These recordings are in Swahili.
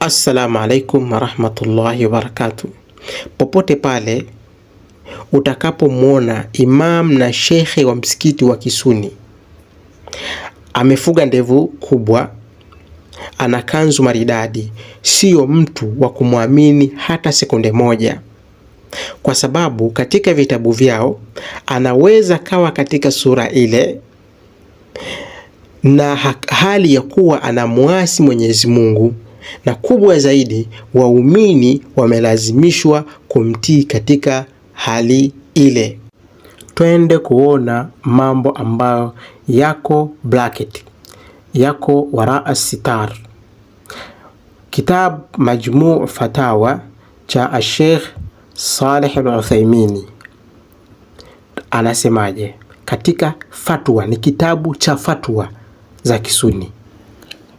Assalamu alaikum warahmatullahi wabarakatu. Popote pale utakapomwona imam na shekhe wa msikiti wa Kisuni amefuga ndevu kubwa, ana kanzu maridadi, siyo mtu wa kumwamini hata sekunde moja, kwa sababu katika vitabu vyao anaweza kawa katika sura ile na hali ya kuwa anamwasi Mwenyezi Mungu na kubwa zaidi, waumini wamelazimishwa kumtii katika hali ile. Twende kuona mambo ambayo yako bracket, yako waraa sitar. Kitab Majmuu Fatawa cha Ashekh Saleh Al-Uthaimini anasemaje katika fatwa? Ni kitabu cha fatwa za Kisuni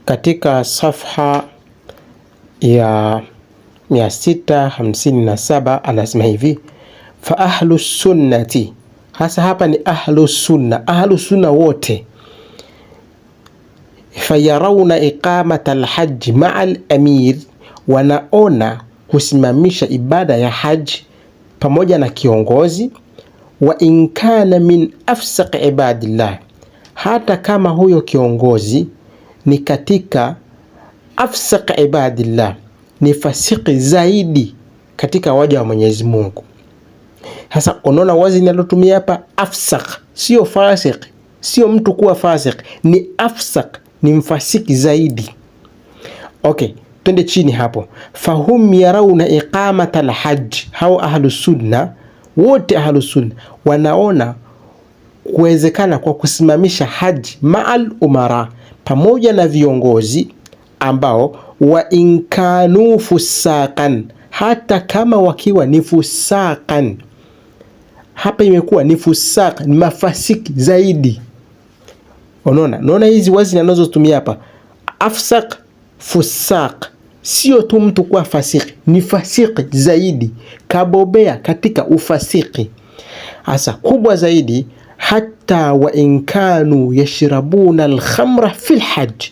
katika safha ya 657 anasema hivi fa ahlu sunnati, hasa hapa ni ahlu sunna, ahlu sunna wote fayarauna iqamata alhaji maa alamir, wanaona kusimamisha ibada ya haji pamoja na kiongozi. Wa in kana min afsaq ibadillah, hata kama huyo kiongozi ni katika afsaq ibadillah, ni fasiki zaidi katika waja wa Mwenyezi Mungu. Sasa unaona wazi linalotumia hapa afsaq, sio fasik, sio mtu kuwa fasik, ni afsaq, ni mfasiki zaidi. Okay, twende chini hapo. Fahum yarauna iqamata lhaji, hao ahlusunna wote, ahlusunna wanaona kuwezekana kwa kusimamisha haji maal umara, pamoja na viongozi ambao wa inkanu fusakan, hata kama wakiwa ni fusakan. Hapa imekuwa ni fusak, ni mafasiki zaidi. Unaona, naona hizi wazi anazotumia hapa, afsak, fusak, sio tu mtu kuwa fasiki, ni fasiki zaidi, kabobea katika ufasiki hasa kubwa zaidi. hata wa inkanu yashrabuna alkhamra fil hajj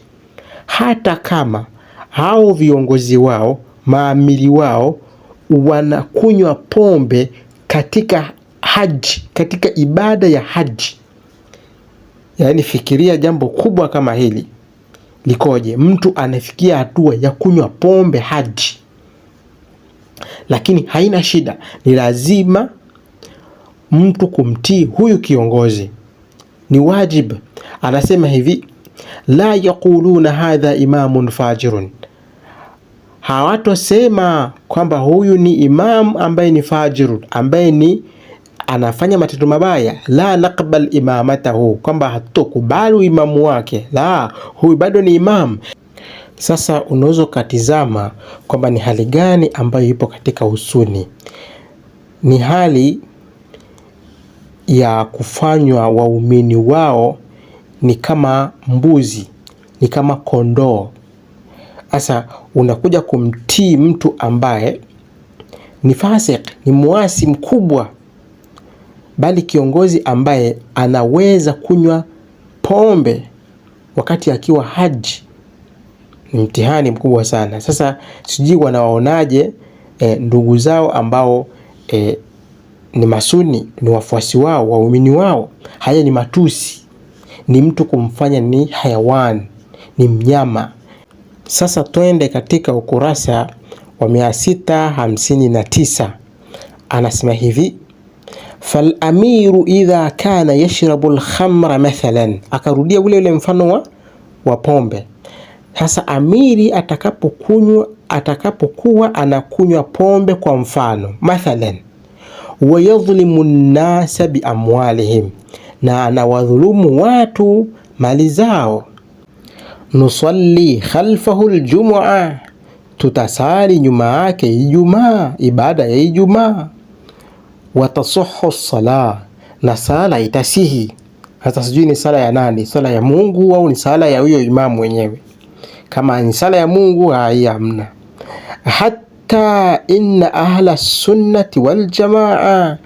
hata kama hao viongozi wao maamili wao wanakunywa pombe katika haji, katika ibada ya haji. Yaani fikiria jambo kubwa kama hili likoje, mtu anafikia hatua ya kunywa pombe haji. Lakini haina shida, ni lazima mtu kumtii huyu kiongozi, ni wajibu. Anasema hivi la yaquluna hadha imamun fajirun, hawatosema kwamba huyu ni imamu ambaye ni fajiru, ambaye ni anafanya matendo mabaya. La naqbal imamatahu, kwamba hatutokubali uimamu wake. La, huyu bado ni imamu. Sasa unaweza ukatizama kwamba ni hali gani ambayo ipo katika usuni Ni hali ya kufanywa waumini wao ni kama mbuzi, ni kama kondoo. Sasa unakuja kumtii mtu ambaye ni fasik, ni muasi mkubwa, bali kiongozi ambaye anaweza kunywa pombe wakati akiwa haji, ni mtihani mkubwa sana. Sasa sijui wanawaonaje e, ndugu zao ambao e, ni masuni, ni wafuasi wao, waumini wao. Haya ni matusi ni mtu kumfanya ni hayawani, ni mnyama. Sasa twende katika ukurasa wa 659 anasema hivi falamiru idha kana yashrabu lkhamra mathalan, akarudia ule ule mfano wa, wa pombe. Sasa amiri atakapokunywa atakapokuwa anakunywa pombe kwa mfano mathalan, wayadhlimu nnasa biamwalihim na anawadhulumu watu mali zao. Nusalli khalfahu ljumua, tutasali nyuma yake Ijumaa, ibada ya Ijumaa. Watasuhu sala, na sala itasihi. Sasa sijui ni sala ya nani, sala ya Mungu au ni sala ya huyo imamu mwenyewe? Kama ni sala ya Mungu, hai amna. Hatta inna ahla sunnati waljamaa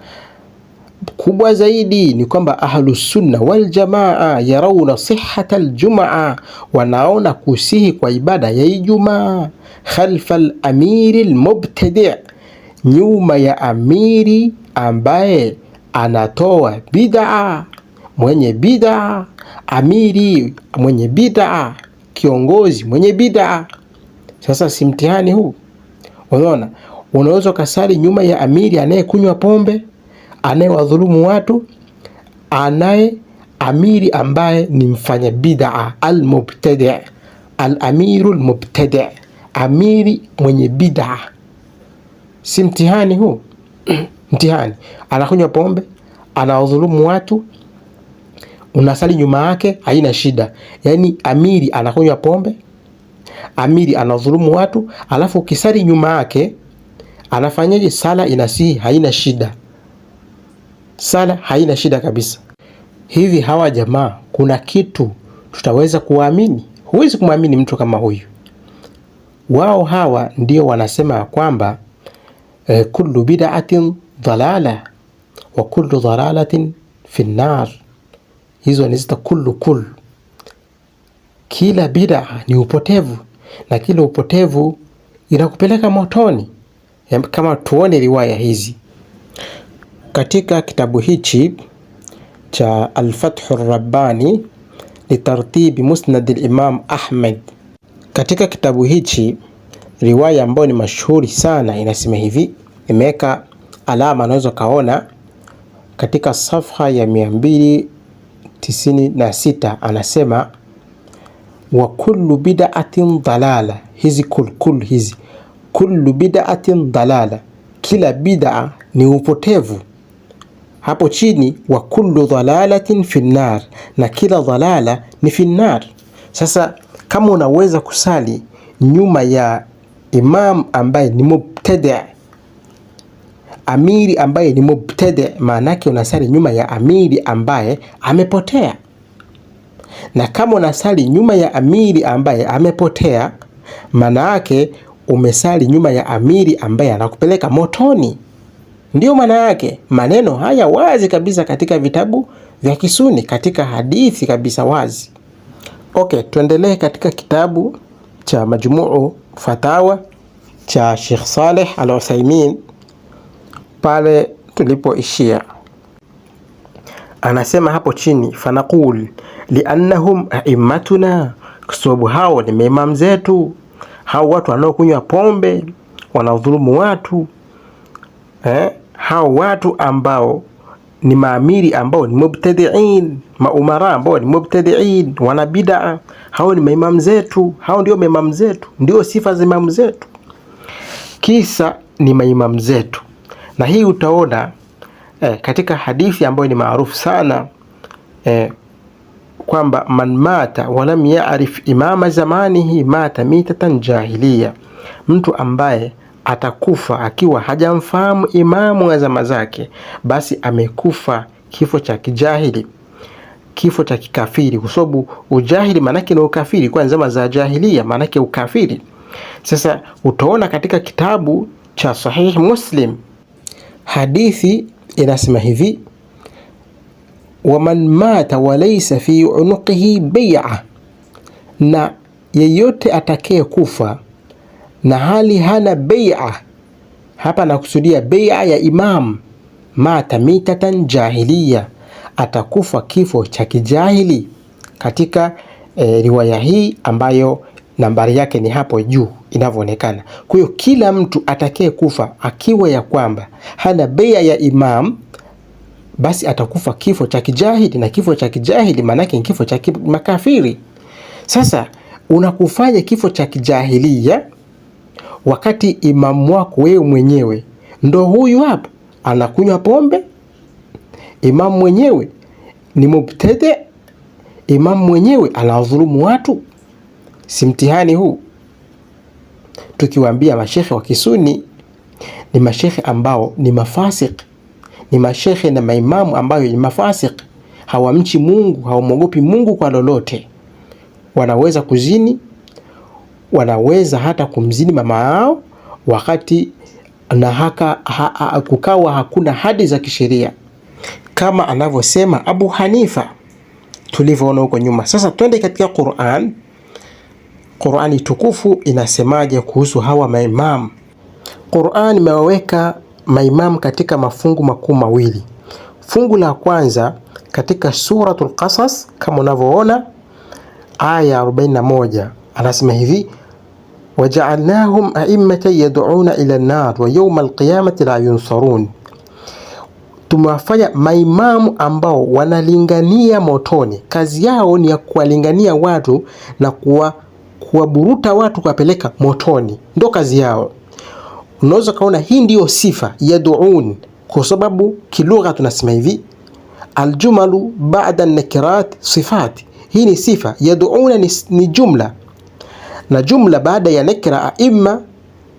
kubwa zaidi ni kwamba Ahlusunna jamaa yarauna sihata ljumaa, wanaona kusihi kwa ibada ya Ijumaa khalfa lamiri lmubtadi, nyuma ya amiri ambaye anatoa bidaa, mwenye bidaa, amiri mwenye bidaa, kiongozi mwenye bidaa. Sasa si mtihani huu? Unaona, unaweza ukasali nyuma ya amiri anayekunywa pombe anayewadhulumu watu, anaye amiri ambaye ni mfanya bid'a, almubtadi, alamiru lmubtadi, amiri mwenye bid'a. Si mtihani huu? Mtihani. Anakunywa pombe, anawadhulumu watu, unasali nyuma yake, haina shida. Yaani amiri anakunywa pombe, amiri anawadhulumu watu, alafu ukisali nyuma yake anafanyaje? Sala inasihi, haina shida. Sala haina shida kabisa. Hivi hawa jamaa kuna kitu tutaweza kuwaamini? Huwezi kumwamini mtu kama huyu. Wao hawa ndio wanasema kwamba eh, kullu bid'atin dalala wa kullu dalalatin fi nar Hizo ni zita kullu kul, kila bid'a ni upotevu na kila upotevu inakupeleka motoni, kama tuone riwaya hizi. Katika kitabu hichi cha Alfathu Rabbani litartibi musnad al-Imam Ahmad, katika kitabu hichi riwaya ambayo ni mashuhuri sana inasema hivi, imeweka alama, unaweza kaona katika safha ya 296 anasema wa kullu bid'atin dalala, hizi kulkul hizi kullu bid'atin dalala, kila bid'a ni upotevu hapo chini, wa kullu dhalalatin finnar, na kila dhalala ni finnar. Sasa kama unaweza kusali nyuma ya imam ambaye ni mubtada, amiri ambaye ni mubtada, maanake unasali nyuma ya amiri ambaye amepotea, na kama unasali nyuma ya amiri ambaye amepotea, maana yake umesali nyuma ya amiri ambaye anakupeleka motoni. Ndiyo maana yake maneno haya wazi kabisa katika vitabu vya Kisuni, katika hadithi kabisa wazi. Okay, tuendelee katika kitabu cha Majmuu Fatawa cha Sheikh Saleh Al Uthaimin pale tulipoishia anasema hapo chini, fanaqul liannahum aimmatuna, kwa sababu hao ni maimam zetu, hao watu wanaokunywa pombe wanaodhulumu watu eh? hao watu ambao ni maamiri ambao ni mubtadiin, maumara ambao ni mubtadiin, wana bid'a. Hao ni maimamu zetu, hao ndio maimamu zetu, ndio sifa za maimamu zetu, kisa ni maimamu zetu. Na hii utaona eh, katika hadithi ambayo ni maarufu sana eh, kwamba man mata walam yarif imama zamanihi mata mitatan jahiliya, mtu ambaye atakufa akiwa hajamfahamu imamu wa zama zake, basi amekufa kifo cha kijahili, kifo cha kikafiri, kwa sababu ujahili maanake ni ukafiri, kwa zama za jahilia maanake ukafiri. Sasa utaona katika kitabu cha Sahih Muslim hadithi inasema hivi, waman mata walaisa fi unuqihi bai'a, na yeyote atakaye kufa na hali hana beia. Hapa nakusudia bai'a ya imam. Mata mitatan jahiliya, atakufa kifo cha kijahili katika e, riwaya hii ambayo nambari yake ni hapo juu inavyoonekana. Kwa hiyo kila mtu atakaye kufa akiwa ya kwamba hana bai'a ya imam, basi atakufa kifo cha kijahili, na kifo cha kijahili maanake ni kifo cha kimakafiri. Sasa unakufanya kifo cha kijahilia wakati imamu wako wewe mwenyewe ndo huyu hapa anakunywa pombe. Imamu mwenyewe ni mubtede, imamu mwenyewe anawadhulumu watu. Si mtihani huu? Tukiwaambia mashekhe wa kisuni ni mashekhe ambao ni mafasik, ni mashekhe na maimamu ambayo ni mafasik, hawamchi Mungu, hawamwogopi Mungu kwa lolote, wanaweza kuzini wanaweza hata kumzini mama yao wakati na haka, ha, ha, kukawa hakuna hadi za kisheria kama anavyosema Abu Hanifa tulivyoona huko nyuma. Sasa twende katika Qur'an. Qur'ani tukufu inasemaje kuhusu hawa maimamu? Qur'an imewaweka maimamu katika mafungu makuu mawili. Fungu la kwanza katika Suratul Qasas, kama unavyoona aya 41 anasema hivi wajaalnahum aimata yaduuna ila nar wa yauma alqiyamati la yunsarun, tumewafanya maimamu ambao wanalingania motoni. Kazi yao ni ya kuwalingania watu na kuwa kuwaburuta watu kuwapeleka motoni, ndo kazi yao. Unaweza ukaona hii ndiyo sifa yaduun, kwa sababu kilugha tunasema hivi aljumalu ba'da nakirat sifati. Hii ni sifa yaduuna, ni, ni jumla na jumla baada ya nakra aima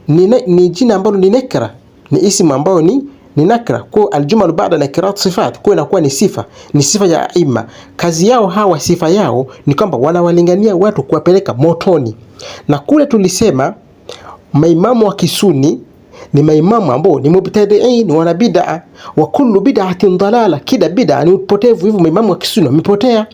ni, ni jina ambalo ni nakra, ni isimu ambayo ni ni nakra. Kwa aljumal baada nakirat sifat, kwa inakuwa ni sifa, ni sifa ya aima. Kazi yao hawa, sifa yao ni kwamba wanawalingania watu kuwapeleka motoni, na kule tulisema maimamu wa kisuni ni maimamu ambao ni mubtadiin, wana bid'a, wa kullu bid'atin dalala, kila bid'a ni upotevu. Hivyo maimamu wa kisuni wamepotea.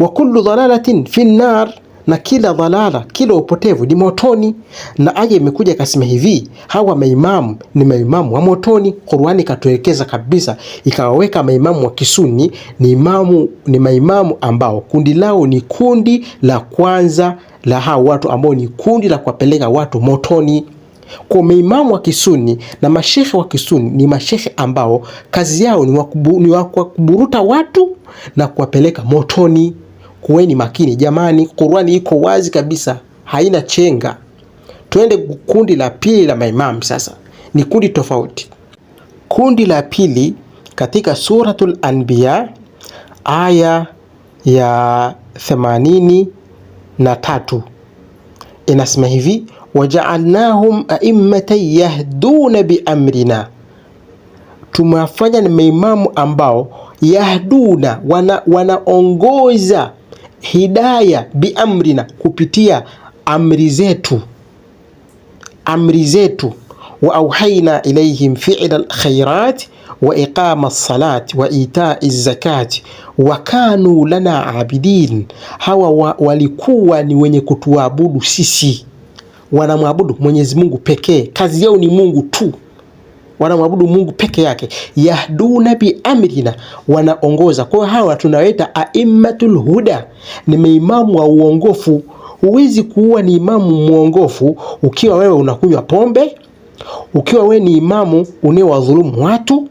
Wa kullu dalalatin fi nar na kila dhalala, kila upotevu ni motoni. Na aya imekuja ikasema hivi, hawa maimamu ni maimamu wa motoni. Qur'ani ikatuelekeza kabisa, ikawaweka maimamu wa kisuni ni imamu, ni maimamu ambao kundi lao ni kundi la kwanza la hao watu ambao ni kundi la kuwapeleka watu motoni. Kwa maimamu wa kisuni na mashehe wa kisuni ni mashehe ambao kazi yao ni wakuburuta watu na kuwapeleka motoni kuweni makini jamani, Qur'ani iko wazi kabisa, haina chenga. Twende kundi la pili la maimamu sasa, ni kundi tofauti. Kundi la pili katika Suratul Anbiya aya ya 83 inasema hivi wajaalnahum aimmatan yahduna biamrina, tumewafanya ni maimamu ambao yahduna wana, wanaongoza hidaya biamrina, kupitia amri zetu, amri zetu. Wa auhaina ilaihim fi'la alkhairati wa iqama salat wa itai zakat wa kanu lana abidin, hawa wa, walikuwa ni wenye kutuabudu sisi, wanamwabudu Mwenyezi Mungu pekee, kazi yao ni Mungu tu wanamwabudu Mungu peke yake, yahduna biamrina, wanaongoza. Kwa hawa tunawaita aimmatul huda, ni maimamu wa uongofu. Huwezi kuwa ni imamu mwongofu ukiwa wewe unakunywa pombe, ukiwa wewe ni imamu unayewadhulumu watu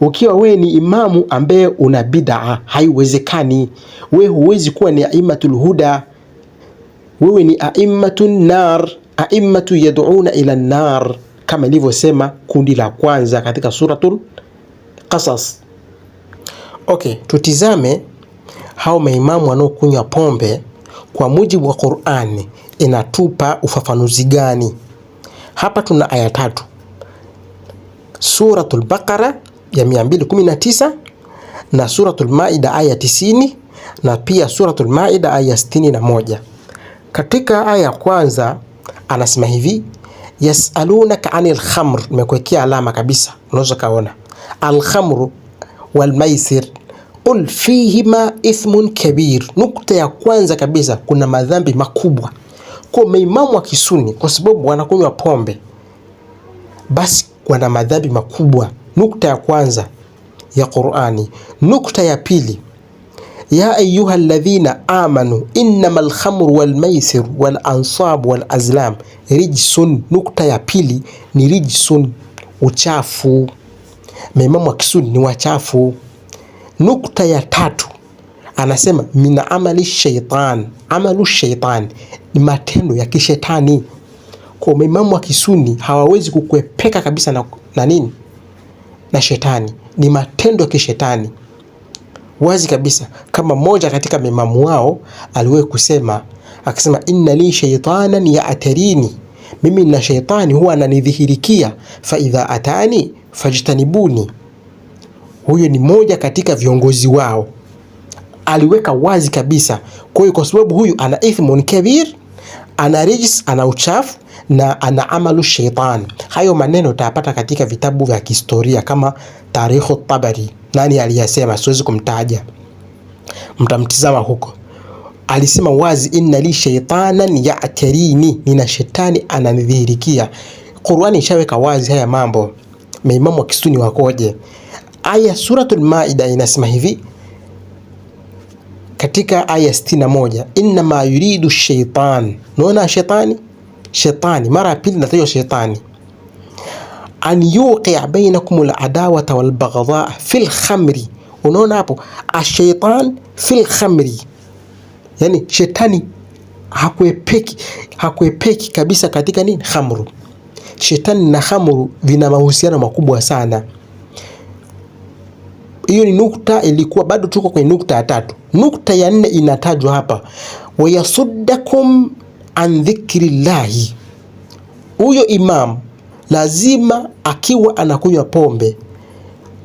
ukiwa wewe ni imamu ambaye una bidaa, haiwezekani. Wewe huwezi kuwa ni aimatul huda, wewe ni aimatun nar, aimatu yad'una ila nar kama ilivyosema kundi la kwanza katika Suratul Qasas. Okay, tutizame hao maimamu wanaokunywa pombe kwa mujibu wa Qur'ani inatupa ufafanuzi gani? Hapa tuna aya tatu, Suratul Baqara ya 219 na Suratul Maida aya 90 na pia Suratul Maida aya 61. Katika aya ya kwanza anasema hivi yasalunaka anil khamr, nimekuwekea alama kabisa, unaweza kaona alkhamru walmaisir qul fihima ithmun kabir. Nukta ya kwanza kabisa, kuna madhambi makubwa kwa maimamu wa Kisuni kwa sababu wanakunywa pombe, basi wana madhambi makubwa. Nukta ya kwanza ya Qur'ani. Nukta ya pili ya ayuha ladhina amanu innama alkhamru walmaisir walansabu walazlam rijsun. Nukta ya pili ni rijsun, uchafu. Maimamu wa kisuni ni wachafu. Nukta ya tatu anasema min amali shaitan, amalu shaitan ni matendo ya kishetani. Kwa maimamu wa kisuni hawawezi kukwepeka kabisa na, na nini na shetani, ni matendo ya kishetani wazi kabisa, kama moja katika mimamu wao aliwahi kusema akasema, inna li shaitanan yaatarini, mimi na shaytani huwa ananidhihirikia, idha atani fajtanibuni. Huyo ni moja katika viongozi wao, aliweka wazi kabisa. Kwa hiyo kwa sababu huyu ana ithmun kabir, ana rijis, ana uchafu na ana amalu shaitan. Hayo maneno utayapata katika vitabu vya kihistoria kama Tarikhu Tabari. Nani aliyasema? Siwezi kumtaja, mtamtizama huko. Alisema wazi, inna li sheitanan ya'tarini, nina shetani ananidhihirikia. Qur'ani ishaweka wazi haya mambo. Maimamu wa kisuni wakoje? Aya Suratul Maida inasema hivi katika aya 61, inna ma yuridu shaitan, naona shetani shetani, mara ya pili inatajwa shetani, an yuqia bainakum aladawata walbaghdha fil khamri. Unaona hapo ashaitan fil khamri, yani shetani hakuepeki, hakuepeki kabisa katika nini? Khamru. Shetani na khamru vina mahusiano makubwa sana. Hiyo ni nukta ilikuwa bado tuko kwenye nukta ya tatu. Nukta ya nne inatajwa hapa, wayasuddakum an dhikrillahi, huyo imam lazima akiwa anakunywa pombe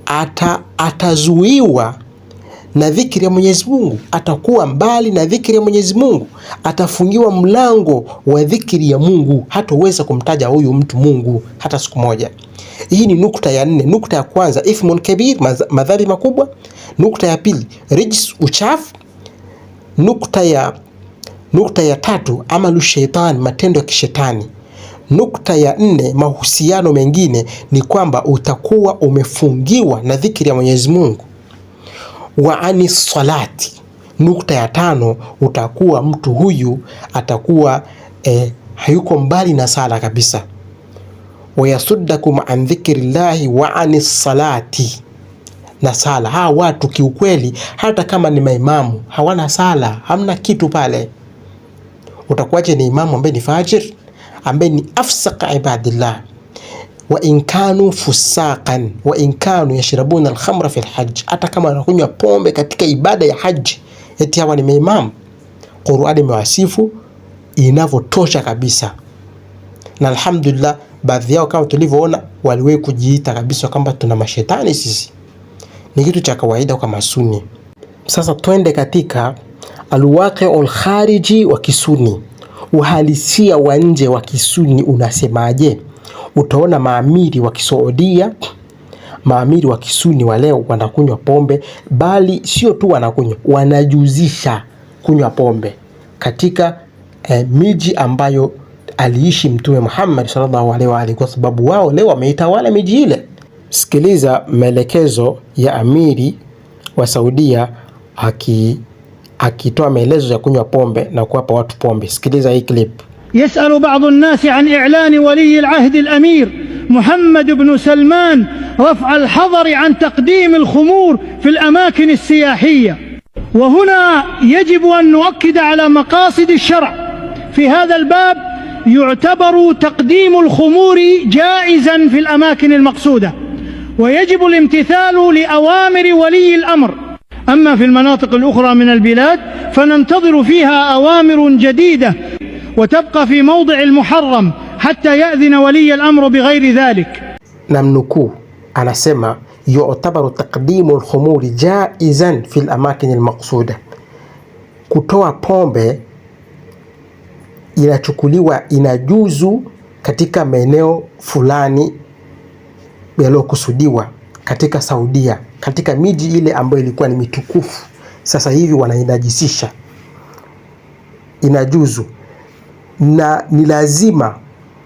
ata, atazuiwa na dhikri ya Mwenyezi Mungu, atakuwa mbali na dhikri ya Mwenyezi Mungu, atafungiwa mlango wa dhikri ya Mungu, hatoweza kumtaja huyu mtu Mungu hata siku moja. Hii ni nukta ya nne. Nukta ya kwanza ithmun kabir, madhambi makubwa. Nukta ya pili rijs, uchafu. Nukta ya Nukta ya tatu, amalu shetani, matendo ya kishetani. Nukta ya nne, mahusiano mengine ni kwamba utakuwa umefungiwa na dhikiri ya Mwenyezi Mungu. Wa ani salati. Nukta ya tano, utakuwa mtu huyu atakuwa eh, hayuko mbali na sala kabisa. Wayasuddakum an dhikrillahi wa ani salati na sala. Hawa watu kiukweli, hata kama ni maimamu hawana sala, hamna kitu pale utakuwaje ni imamu ambaye ni fajir ambaye ni afsaka ibadillah wa in kanu fusaqan wa in kanu yashrabuna alkhamra fi alhajj, hata kama wanakunywa pombe katika ibada ya haji, eti hawa ni maimamu. Qur'an imewasifu inavyotosha kabisa, na alhamdulillah, baadhi yao kama tulivyoona waliwahi kujiita kabisa kwamba tuna mashetani sisi, ni kitu cha kawaida kwa masuni. Sasa twende katika alwaqiu lkhariji wa kisuni, uhalisia wa nje wa kisuni unasemaje? Utaona maamiri wa kisaudia maamiri wa kisuni wa leo wanakunywa pombe, bali sio tu wanakunywa, wanajuzisha kunywa pombe katika eh, miji ambayo aliishi Mtume Muhammad sallallahu alaihi wa alihi, kwa sababu wao leo wameitawala miji ile. Sikiliza maelekezo ya amiri wa Saudia aki akitoa maelezo ya kunywa pombe na kuwapa watu pombe. Sikiliza hii clip. yasalu badu nnasi an ilani waliyi lahdi lamir Muhammad bnu Salman rafa lhadari an taqdimi lkhumur fi lamakin lsiyahiya wahuna yajibu an nuakida ala maqasidi lshara fi hadha lbab yuctabaru taqdimu lkhumuri jaizan fi lamakin lmaqsuda ويجب الامتثال لأوامر ولي الأمر أما في المناطق الأخرى من البلاد فننتظر فيها أوامر جديدة وتبقى في موضع المحرم hata yadhina waliya al-amru bighairi dhalik. Na mnukuu anasema yutabaru taqdimu al-khumuri jaizan fi al-amakin al-maqsuda, kutoa pombe inachukuliwa inajuzu katika maeneo fulani yaliyokusudiwa katika Saudia, katika miji ile ambayo ilikuwa ni mitukufu, sasa hivi wanainajisisha. Inajuzu na ni lazima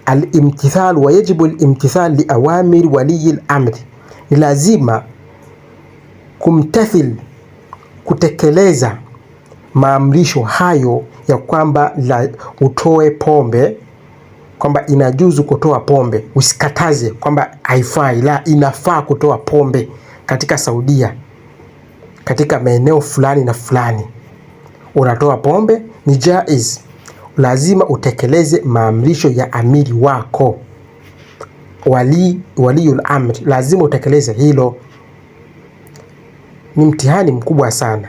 alimtithal wa yajibu alimtithal liawamiri al-amr, ni lazima kumtathil, kutekeleza maamrisho hayo ya kwamba la utoe pombe kwamba inajuzu kutoa pombe, usikataze kwamba haifai, la, inafaa kutoa pombe katika Saudia, katika maeneo fulani na fulani unatoa pombe ni jaiz. Lazima utekeleze maamrisho ya amiri wako wali waliul amri, lazima utekeleze hilo. Ni mtihani mkubwa sana.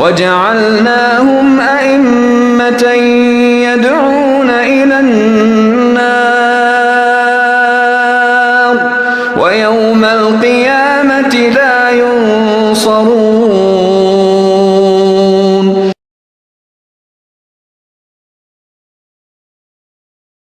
wajaalnahum aimmatan yad'un إلى النار ويوم القيامة لا ينصرون